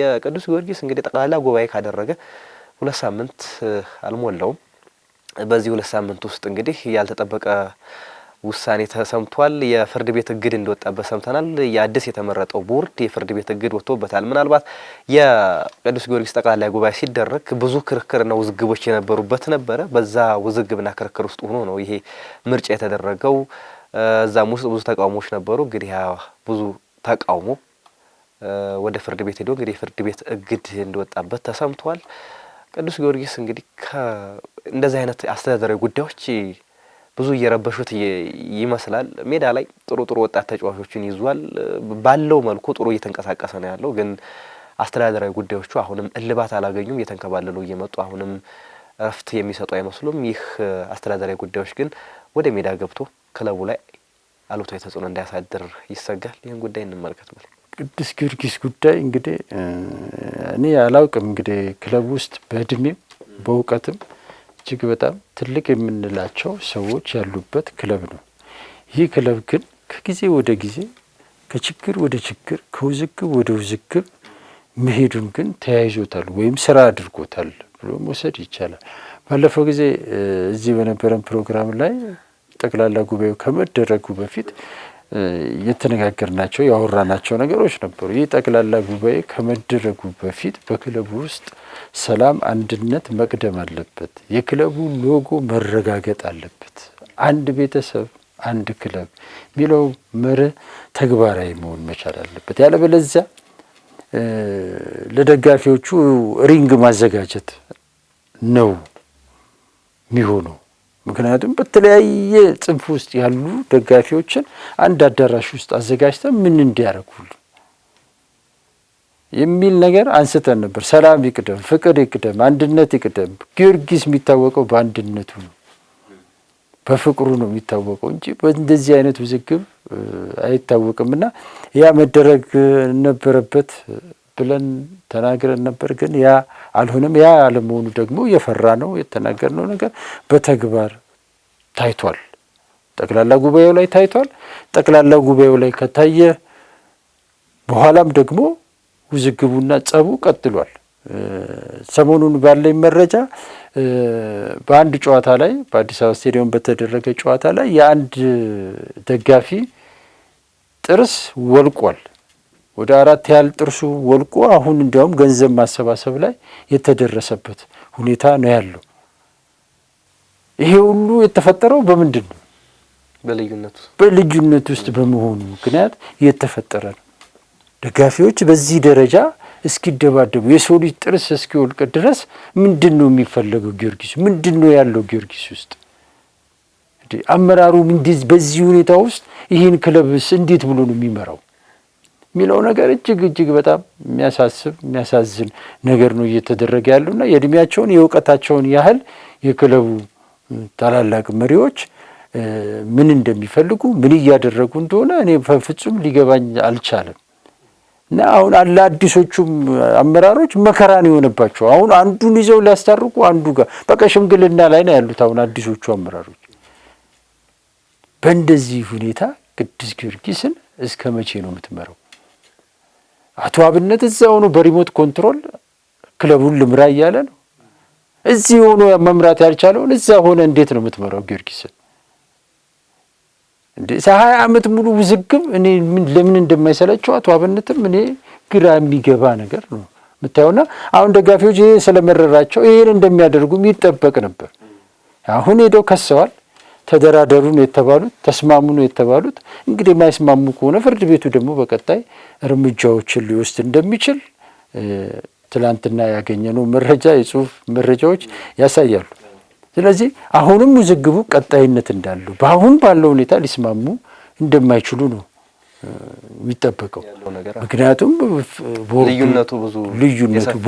የቅዱስ ጊዮርጊስ እንግዲህ ጠቅላላ ጉባኤ ካደረገ ሁለት ሳምንት አልሞላውም። በዚህ ሁለት ሳምንት ውስጥ እንግዲህ ያልተጠበቀ ውሳኔ ተሰምቷል። የፍርድ ቤት እግድ እንደወጣበት ሰምተናል። የአዲስ የተመረጠው ቦርድ የፍርድ ቤት እግድ ወጥቶበታል። ምናልባት የቅዱስ ጊዮርጊስ ጠቅላላ ጉባኤ ሲደረግ ብዙ ክርክርና ውዝግቦች የነበሩበት ነበረ። በዛ ውዝግብና ክርክር ውስጥ ሆኖ ነው ይሄ ምርጫ የተደረገው። እዛም ውስጥ ብዙ ተቃውሞች ነበሩ። እንግዲህ ብዙ ተቃውሞ ወደ ፍርድ ቤት ሄዶ እንግዲህ የፍርድ ቤት እግድ እንደወጣበት ተሰምቷል። ቅዱስ ጊዮርጊስ እንግዲህ እንደዚህ አይነት አስተዳደራዊ ጉዳዮች ብዙ እየረበሹት ይመስላል። ሜዳ ላይ ጥሩ ጥሩ ወጣት ተጫዋቾችን ይዟል። ባለው መልኩ ጥሩ እየተንቀሳቀሰ ነው ያለው። ግን አስተዳደራዊ ጉዳዮቹ አሁንም እልባት አላገኙም። እየተንከባለሉ እየመጡ አሁንም እረፍት የሚሰጡ አይመስሉም። ይህ አስተዳደራዊ ጉዳዮች ግን ወደ ሜዳ ገብቶ ክለቡ ላይ አሉታዊ ተጽዕኖ እንዳያሳድር ይሰጋል። ይህን ጉዳይ እንመልከት ብል ቅዱስ ጊዮርጊስ ጉዳይ እንግዲህ እኔ አላውቅም። እንግዲህ ክለብ ውስጥ በእድሜም በእውቀትም እጅግ በጣም ትልቅ የምንላቸው ሰዎች ያሉበት ክለብ ነው። ይህ ክለብ ግን ከጊዜ ወደ ጊዜ ከችግር ወደ ችግር ከውዝግብ ወደ ውዝግብ መሄዱን ግን ተያይዞታል ወይም ስራ አድርጎታል ብሎ መውሰድ ይቻላል። ባለፈው ጊዜ እዚህ በነበረን ፕሮግራም ላይ ጠቅላላ ጉባኤው ከመደረጉ በፊት የተነጋገርናቸው ያወራናቸው ነገሮች ነበሩ። ይህ ጠቅላላ ጉባኤ ከመደረጉ በፊት በክለቡ ውስጥ ሰላም፣ አንድነት መቅደም አለበት። የክለቡ ሎጎ መረጋገጥ አለበት። አንድ ቤተሰብ አንድ ክለብ የሚለው መርህ ተግባራዊ መሆን መቻል አለበት። ያለበለዚያ ለደጋፊዎቹ ሪንግ ማዘጋጀት ነው የሚሆነው። ምክንያቱም በተለያየ ጽንፍ ውስጥ ያሉ ደጋፊዎችን አንድ አዳራሽ ውስጥ አዘጋጅተን ምን እንዲያደርጉል የሚል ነገር አንስተን ነበር። ሰላም ይቅደም፣ ፍቅር ይቅደም፣ አንድነት ይቅደም። ጊዮርጊስ የሚታወቀው በአንድነቱ ነው፣ በፍቅሩ ነው የሚታወቀው እንጂ እንደዚህ አይነት ውዝግብ አይታወቅምና ያ መደረግ ነበረበት። ብለን ተናግረን ነበር። ግን ያ አልሆነም። ያ አለመሆኑ ደግሞ የፈራ ነው የተናገርነው ነገር በተግባር ታይቷል። ጠቅላላ ጉባኤው ላይ ታይቷል። ጠቅላላ ጉባኤው ላይ ከታየ በኋላም ደግሞ ውዝግቡና ጸቡ ቀጥሏል። ሰሞኑን ባለኝ መረጃ በአንድ ጨዋታ ላይ በአዲስ አበባ ስቴዲየም በተደረገ ጨዋታ ላይ የአንድ ደጋፊ ጥርስ ወልቋል። ወደ አራት ያህል ጥርሱ ወልቆ አሁን እንዲያውም ገንዘብ ማሰባሰብ ላይ የተደረሰበት ሁኔታ ነው ያለው። ይሄ ሁሉ የተፈጠረው በምንድን ነው? በልዩነት ውስጥ በመሆኑ ምክንያት የተፈጠረ ነው። ደጋፊዎች በዚህ ደረጃ እስኪደባደቡ የሰው ልጅ ጥርስ እስኪወልቅ ድረስ ምንድን ነው የሚፈለገው? ጊዮርጊስ ምንድን ነው ያለው? ጊዮርጊስ ውስጥ አመራሩ በዚህ ሁኔታ ውስጥ ይህን ክለብስ እንዴት ብሎ ነው የሚመራው? የሚለው ነገር እጅግ እጅግ በጣም የሚያሳስብ የሚያሳዝን ነገር ነው እየተደረገ ያለውና የእድሜያቸውን የእውቀታቸውን ያህል የክለቡ ታላላቅ መሪዎች ምን እንደሚፈልጉ ምን እያደረጉ እንደሆነ እኔ በፍጹም ሊገባኝ አልቻለም። እና አሁን ለአዲሶቹም አመራሮች መከራን የሆነባቸው አሁን አንዱን ይዘው ሊያስታርቁ አንዱ ጋር በቃ ሽምግልና ላይ ነው ያሉት። አሁን አዲሶቹ አመራሮች በእንደዚህ ሁኔታ ቅዱስ ጊዮርጊስን እስከ መቼ ነው የምትመራው? አቶ አብነት እዛ ሆኖ በሪሞት ኮንትሮል ክለቡን ልምራ እያለ ነው። እዚህ ሆኖ መምራት ያልቻለውን እዛ ሆነ እንዴት ነው የምትመራው ጊዮርጊስን? እንዴ ሀያ ዓመት ሙሉ ውዝግብ። እኔ ለምን እንደማይሰለቸው አቶ አብነትም እኔ ግራ የሚገባ ነገር ነው የምታየውና አሁን ደጋፊዎች ይሄ ስለመረራቸው ይሄን እንደሚያደርጉም ይጠበቅ ነበር። አሁን ሄደው ከሰዋል። ተደራደሩ ነው የተባሉት፣ ተስማሙ ነው የተባሉት። እንግዲህ የማይስማሙ ከሆነ ፍርድ ቤቱ ደግሞ በቀጣይ እርምጃዎችን ሊወስድ እንደሚችል ትላንትና ያገኘነው መረጃ የጽሁፍ መረጃዎች ያሳያሉ። ስለዚህ አሁንም ውዝግቡ ቀጣይነት እንዳለው በአሁን ባለው ሁኔታ ሊስማሙ እንደማይችሉ ነው የሚጠበቀው። ምክንያቱም ልዩነቱ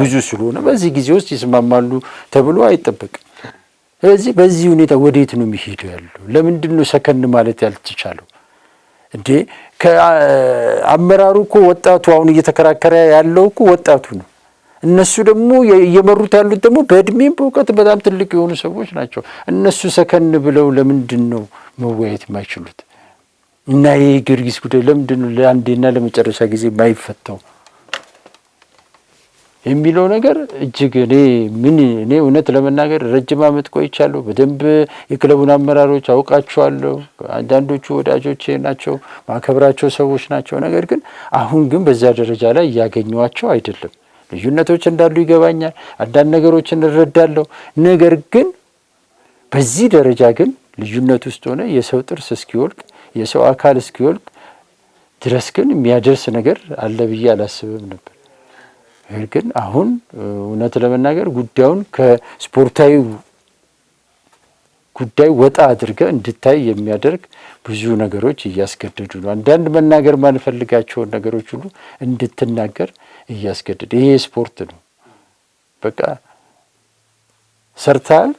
ብዙ ስለሆነ በዚህ ጊዜ ውስጥ ይስማማሉ ተብሎ አይጠበቅም። ስለዚህ በዚህ ሁኔታ ወዴት ነው የሚሄዱ ያሉ? ለምንድን ነው ሰከን ማለት ያልተቻለው? እንዴ ከአመራሩ እኮ ወጣቱ አሁን እየተከራከረ ያለው እኮ ወጣቱ ነው። እነሱ ደግሞ እየመሩት ያሉት ደግሞ በእድሜም በእውቀት በጣም ትልቅ የሆኑ ሰዎች ናቸው። እነሱ ሰከን ብለው ለምንድን ነው መወያየት የማይችሉት? እና ይህ ጊዮርጊስ ጉዳይ ለምንድን ነው ለአንዴና ለመጨረሻ ጊዜ የማይፈታው? የሚለው ነገር እጅግ እኔ ምን እኔ እውነት ለመናገር ረጅም ዓመት ቆይቻለሁ። በደንብ የክለቡን አመራሮች አውቃቸዋለሁ። አንዳንዶቹ ወዳጆቼ ናቸው፣ ማከብራቸው ሰዎች ናቸው። ነገር ግን አሁን ግን በዛ ደረጃ ላይ እያገኘዋቸው አይደለም። ልዩነቶች እንዳሉ ይገባኛል። አንዳንድ ነገሮችን እረዳለሁ። ነገር ግን በዚህ ደረጃ ግን ልዩነት ውስጥ ሆነ የሰው ጥርስ እስኪወልቅ የሰው አካል እስኪወልቅ ድረስ ግን የሚያደርስ ነገር አለ ብዬ አላስብም ነበር። ነገር ግን አሁን እውነት ለመናገር ጉዳዩን ከስፖርታዊ ጉዳይ ወጣ አድርገ እንድታይ የሚያደርግ ብዙ ነገሮች እያስገደዱ ነው። አንዳንድ መናገር ማንፈልጋቸውን ነገሮች ሁሉ እንድትናገር እያስገደደ ይሄ ስፖርት ነው። በቃ ሰርታል።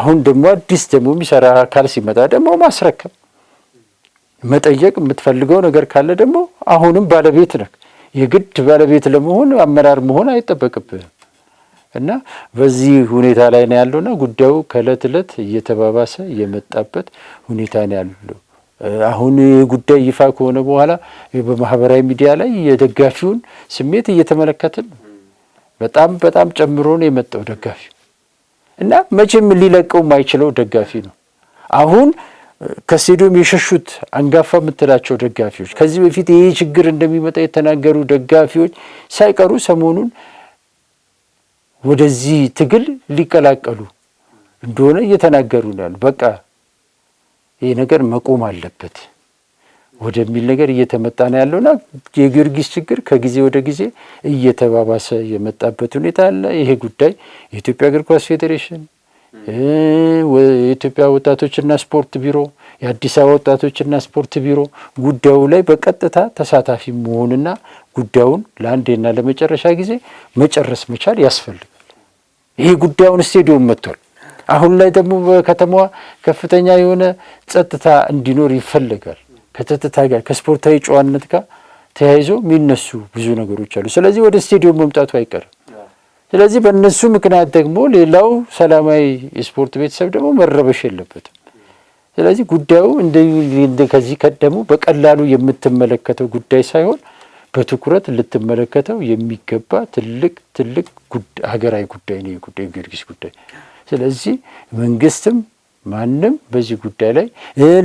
አሁን ደግሞ አዲስ ደግሞ የሚሰራ አካል ሲመጣ ደግሞ ማስረከብ፣ መጠየቅ የምትፈልገው ነገር ካለ ደግሞ አሁንም ባለቤት ነህ። የግድ ባለቤት ለመሆን አመራር መሆን አይጠበቅብህም። እና በዚህ ሁኔታ ላይ ነው ያለውና ጉዳዩ ከእለት እለት እየተባባሰ የመጣበት ሁኔታ ነው ያለው። አሁን ጉዳይ ይፋ ከሆነ በኋላ በማህበራዊ ሚዲያ ላይ የደጋፊውን ስሜት እየተመለከትን በጣም በጣም ጨምሮ ነው የመጣው ደጋፊ እና መቼም ሊለቀው የማይችለው ደጋፊ ነው አሁን ከስቴዲየም የሸሹት አንጋፋ የምትላቸው ደጋፊዎች ከዚህ በፊት ይህ ችግር እንደሚመጣ የተናገሩ ደጋፊዎች ሳይቀሩ ሰሞኑን ወደዚህ ትግል ሊቀላቀሉ እንደሆነ እየተናገሩ ያሉ በቃ ይህ ነገር መቆም አለበት ወደሚል ነገር እየተመጣ ነው ያለውና የጊዮርጊስ ችግር ከጊዜ ወደ ጊዜ እየተባባሰ የመጣበት ሁኔታ አለ። ይሄ ጉዳይ የኢትዮጵያ እግር ኳስ ፌዴሬሽን የኢትዮጵያ ወጣቶችና ስፖርት ቢሮ፣ የአዲስ አበባ ወጣቶችና ስፖርት ቢሮ ጉዳዩ ላይ በቀጥታ ተሳታፊ መሆንና ጉዳዩን ለአንዴና ለመጨረሻ ጊዜ መጨረስ መቻል ያስፈልጋል። ይሄ ጉዳዩን ስቴዲዮም መጥቷል። አሁን ላይ ደግሞ በከተማዋ ከፍተኛ የሆነ ጸጥታ እንዲኖር ይፈለጋል። ከጸጥታ ጋር ከስፖርታዊ ጨዋነት ጋር ተያይዞ የሚነሱ ብዙ ነገሮች አሉ። ስለዚህ ወደ ስቴዲዮም መምጣቱ አይቀርም። ስለዚህ በእነሱ ምክንያት ደግሞ ሌላው ሰላማዊ የስፖርት ቤተሰብ ደግሞ መረበሽ የለበትም። ስለዚህ ጉዳዩ እንደ ከዚህ ቀደሙ በቀላሉ የምትመለከተው ጉዳይ ሳይሆን በትኩረት ልትመለከተው የሚገባ ትልቅ ትልቅ ሀገራዊ ጉዳይ ነው ጉዳይ ጊዮርጊስ ጉዳይ። ስለዚህ መንግስትም ማንም በዚህ ጉዳይ ላይ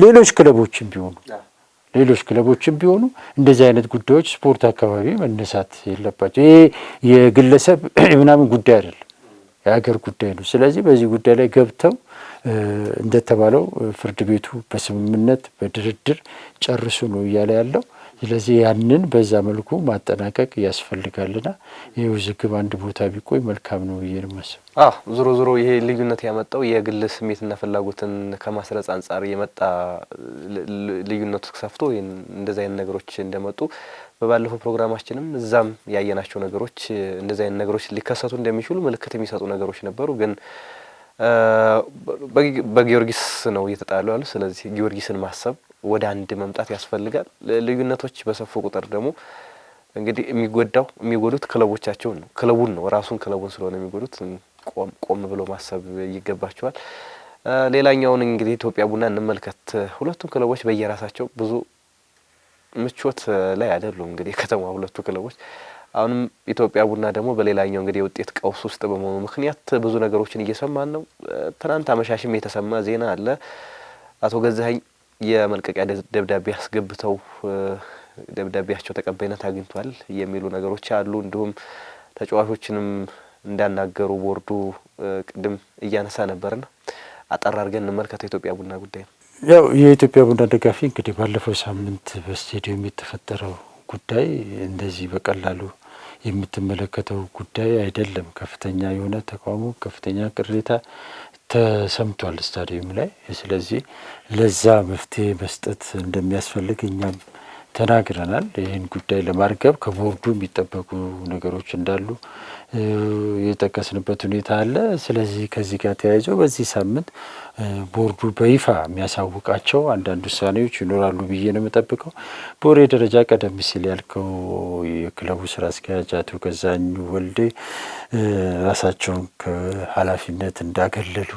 ሌሎች ክለቦችም ቢሆኑ ሌሎች ክለቦችም ቢሆኑ እንደዚህ አይነት ጉዳዮች ስፖርት አካባቢ መነሳት የለባቸው። ይሄ የግለሰብ ምናምን ጉዳይ አይደለም፣ የሀገር ጉዳይ ነው። ስለዚህ በዚህ ጉዳይ ላይ ገብተው እንደተባለው ፍርድ ቤቱ በስምምነት በድርድር ጨርሱ ነው እያለ ያለው። ስለዚህ ያንን በዛ መልኩ ማጠናቀቅ ያስፈልጋልና ይህ ውዝግብ አንድ ቦታ ቢቆይ መልካም ነው ብዬ ማስብ። ዞሮ ዞሮ ይሄ ልዩነት ያመጣው የግል ስሜትና ፍላጎትን ከማስረጽ አንጻር የመጣ ልዩነቱ ሰፍቶ እንደዚ አይነት ነገሮች እንደመጡ በባለፈው ፕሮግራማችንም እዛም ያየናቸው ነገሮች እንደዚ አይነት ነገሮች ሊከሰቱ እንደሚችሉ ምልክት የሚሰጡ ነገሮች ነበሩ ግን በጊዮርጊስ ነው እየተጣሉ ያሉ። ስለዚህ ጊዮርጊስን ማሰብ ወደ አንድ መምጣት ያስፈልጋል። ልዩነቶች በሰፉ ቁጥር ደግሞ እንግዲህ የሚጎዳው የሚጎዱት ክለቦቻቸውን ነው ክለቡን ነው ራሱን ክለቡን ስለሆነ የሚጎዱት ቆም ብሎ ማሰብ ይገባቸዋል። ሌላኛውን እንግዲህ ኢትዮጵያ ቡና እንመልከት። ሁለቱም ክለቦች በየራሳቸው ብዙ ምቾት ላይ አይደሉም። እንግዲህ ከተማ ሁለቱ ክለቦች አሁንም ኢትዮጵያ ቡና ደግሞ በሌላኛው እንግዲህ የውጤት ቀውስ ውስጥ በመሆኑ ምክንያት ብዙ ነገሮችን እየሰማን ነው። ትናንት አመሻሽም የተሰማ ዜና አለ አቶ ገዛኸኝ የመልቀቂያ ደብዳቤ አስገብተው ደብዳቤያቸው ተቀባይነት አግኝቷል የሚሉ ነገሮች አሉ። እንዲሁም ተጫዋቾችንም እንዳናገሩ ቦርዱ ቅድም እያነሳ ነበርና አጠር አድርገን እንመልከተው። የኢትዮጵያ ቡና ጉዳይ ነው። ያው የኢትዮጵያ ቡና ደጋፊ እንግዲህ ባለፈው ሳምንት በስቴዲየም የተፈጠረው ጉዳይ እንደዚህ በቀላሉ የምትመለከተው ጉዳይ አይደለም። ከፍተኛ የሆነ ተቃውሞ፣ ከፍተኛ ቅሬታ ተሰምቷል ስታዲየም ላይ። ስለዚህ ለዛ መፍትሄ መስጠት እንደሚያስፈልግ እኛም ተናግረናል። ይህን ጉዳይ ለማርገብ ከቦርዱ የሚጠበቁ ነገሮች እንዳሉ የጠቀስንበት ሁኔታ አለ። ስለዚህ ከዚህ ጋር ተያይዞ በዚህ ሳምንት ቦርዱ በይፋ የሚያሳውቃቸው አንዳንድ ውሳኔዎች ይኖራሉ ብዬ ነው የምጠብቀው። በወሬ ደረጃ ቀደም ሲል ያልከው የክለቡ ስራ አስኪያጅ አቶ ገዛኙ ወልዴ ራሳቸውን ከኃላፊነት እንዳገለሉ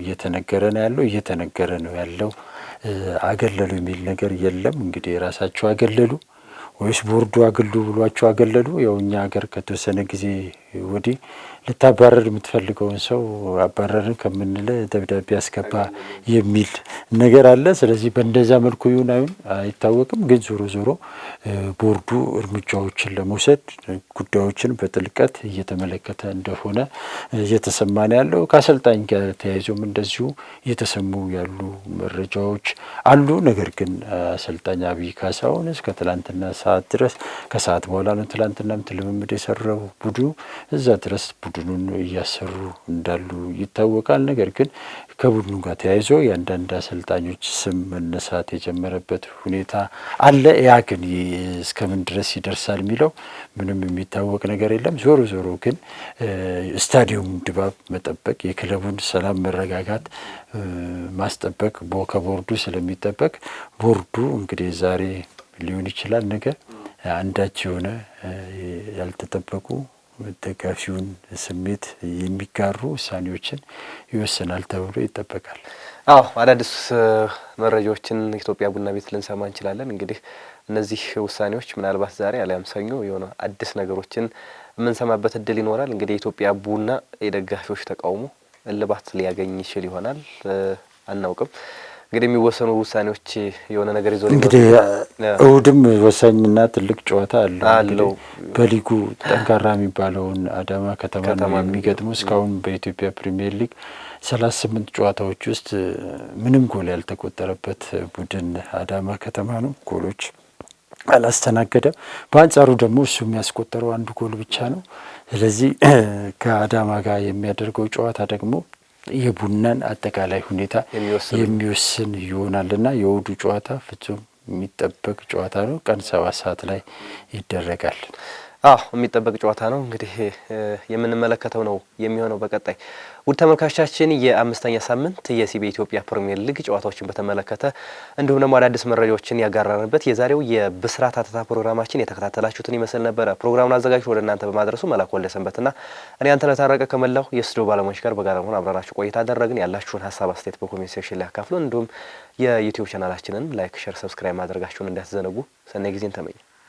እየተነገረ ነው ያለው እየተነገረ ነው ያለው። አገለሉ የሚል ነገር የለም። እንግዲህ ራሳቸው አገለሉ ወይስ ቦርዱ አገሉ ብሏቸው አገለሉ? ያው እኛ ሀገር ከተወሰነ ጊዜ ወዲህ ልታባረር የምትፈልገውን ሰው አባረርን ከምንለ ደብዳቤ አስገባ የሚል ነገር አለ። ስለዚህ በእንደዛ መልኩ ይሁን አይሁን አይታወቅም። ግን ዞሮ ዞሮ ቦርዱ እርምጃዎችን ለመውሰድ ጉዳዮችን በጥልቀት እየተመለከተ እንደሆነ ነው ያለው ከአሰልጣኝ ጋር ተያይዞም እንደዚሁ እየተሰሙ ያሉ መረጃዎች አሉ። ነገር ግን አሰልጣኝ አብይ ካሳሁን እስከ ትላንትና ሰዓት ድረስ ከሰዓት በኋላ ነው ትላንትናም ልምምድ የሰረው ቡድኑ እዛ ድረስ ቡድኑን እያሰሩ እንዳሉ ይታወቃል። ነገር ግን ከቡድኑ ጋር ተያይዞ የአንዳንድ አሰልጣኞች ስም መነሳት የጀመረበት ሁኔታ አለ። ያ ግን እስከምን ድረስ ይደርሳል የሚለው ምንም የሚታወቅ ነገር የለም። ዞሮ ዞሮ ግን ስታዲየሙ ድባብ መጠበቅ፣ የክለቡን ሰላም መረጋጋት ማስጠበቅ ከቦርዱ ስለሚጠበቅ ቦርዱ እንግዲህ ዛሬ ሊሆን ይችላል ነገ አንዳች የሆነ ያልተጠበቁ ደጋፊውን ስሜት የሚጋሩ ውሳኔዎችን ይወስናል ተብሎ ይጠበቃል። አዎ አዳዲስ መረጃዎችን ኢትዮጵያ ቡና ቤት ልንሰማ እንችላለን። እንግዲህ እነዚህ ውሳኔዎች ምናልባት ዛሬ አሊያም ሰኞ የሆነ አዲስ ነገሮችን የምንሰማበት እድል ይኖራል። እንግዲህ የኢትዮጵያ ቡና የደጋፊዎች ተቃውሞ እልባት ሊያገኝ ይችል ይሆናል፣ አናውቅም። እንግዲህ የሚወሰኑ ውሳኔዎች የሆነ ነገር ይዞ እንግዲህ እሁድም ወሳኝና ትልቅ ጨዋታ አለው። በሊጉ ጠንካራ የሚባለውን አዳማ ከተማ ነው የሚገጥመው። እስካሁን በኢትዮጵያ ፕሪሚየር ሊግ ሰላሳ ስምንት ጨዋታዎች ውስጥ ምንም ጎል ያልተቆጠረበት ቡድን አዳማ ከተማ ነው ጎሎች አላስተናገደም። በአንጻሩ ደግሞ እሱ የሚያስቆጠረው አንድ ጎል ብቻ ነው። ስለዚህ ከአዳማ ጋር የሚያደርገው ጨዋታ ደግሞ የቡናን አጠቃላይ ሁኔታ የሚወስን ይሆናል እና የውዱ ጨዋታ ፍጹም የሚጠበቅ ጨዋታ ነው። ቀን ሰባት ሰዓት ላይ ይደረጋል። አዎ የሚጠበቅ ጨዋታ ነው። እንግዲህ የምንመለከተው ነው የሚሆነው በቀጣይ ውድ ተመልካቾቻችን የአምስተኛ ሳምንት የሲቢ ኢትዮጵያ ፕሪሚየር ሊግ ጨዋታዎችን በተመለከተ እንዲሁም ደግሞ አዳዲስ መረጃዎችን ያጋራንበት የዛሬው የብስራት ሀተታ ፕሮግራማችን የተከታተላችሁትን ይመስል ነበረ። ፕሮግራሙን አዘጋጅቶ ወደ እናንተ በማድረሱ መላክ ወልደሰንበትና እኔ አንተ ለታረቀ ከመላው የስቱዲዮ ባለሙያዎች ጋር በጋራ መሆን አብረራችሁ ቆይታ አደረግን። ያላችሁን ሀሳብ አስተያየት በኮሜንት ሴክሽን ላይ ያካፍሉን። እንዲሁም የዩቲዩብ ቻናላችንን ላይክ፣ ሸር፣ ሰብስክራይብ ማድረጋችሁን እንዳትዘነጉ። ሰናይ ጊዜን ተመኘ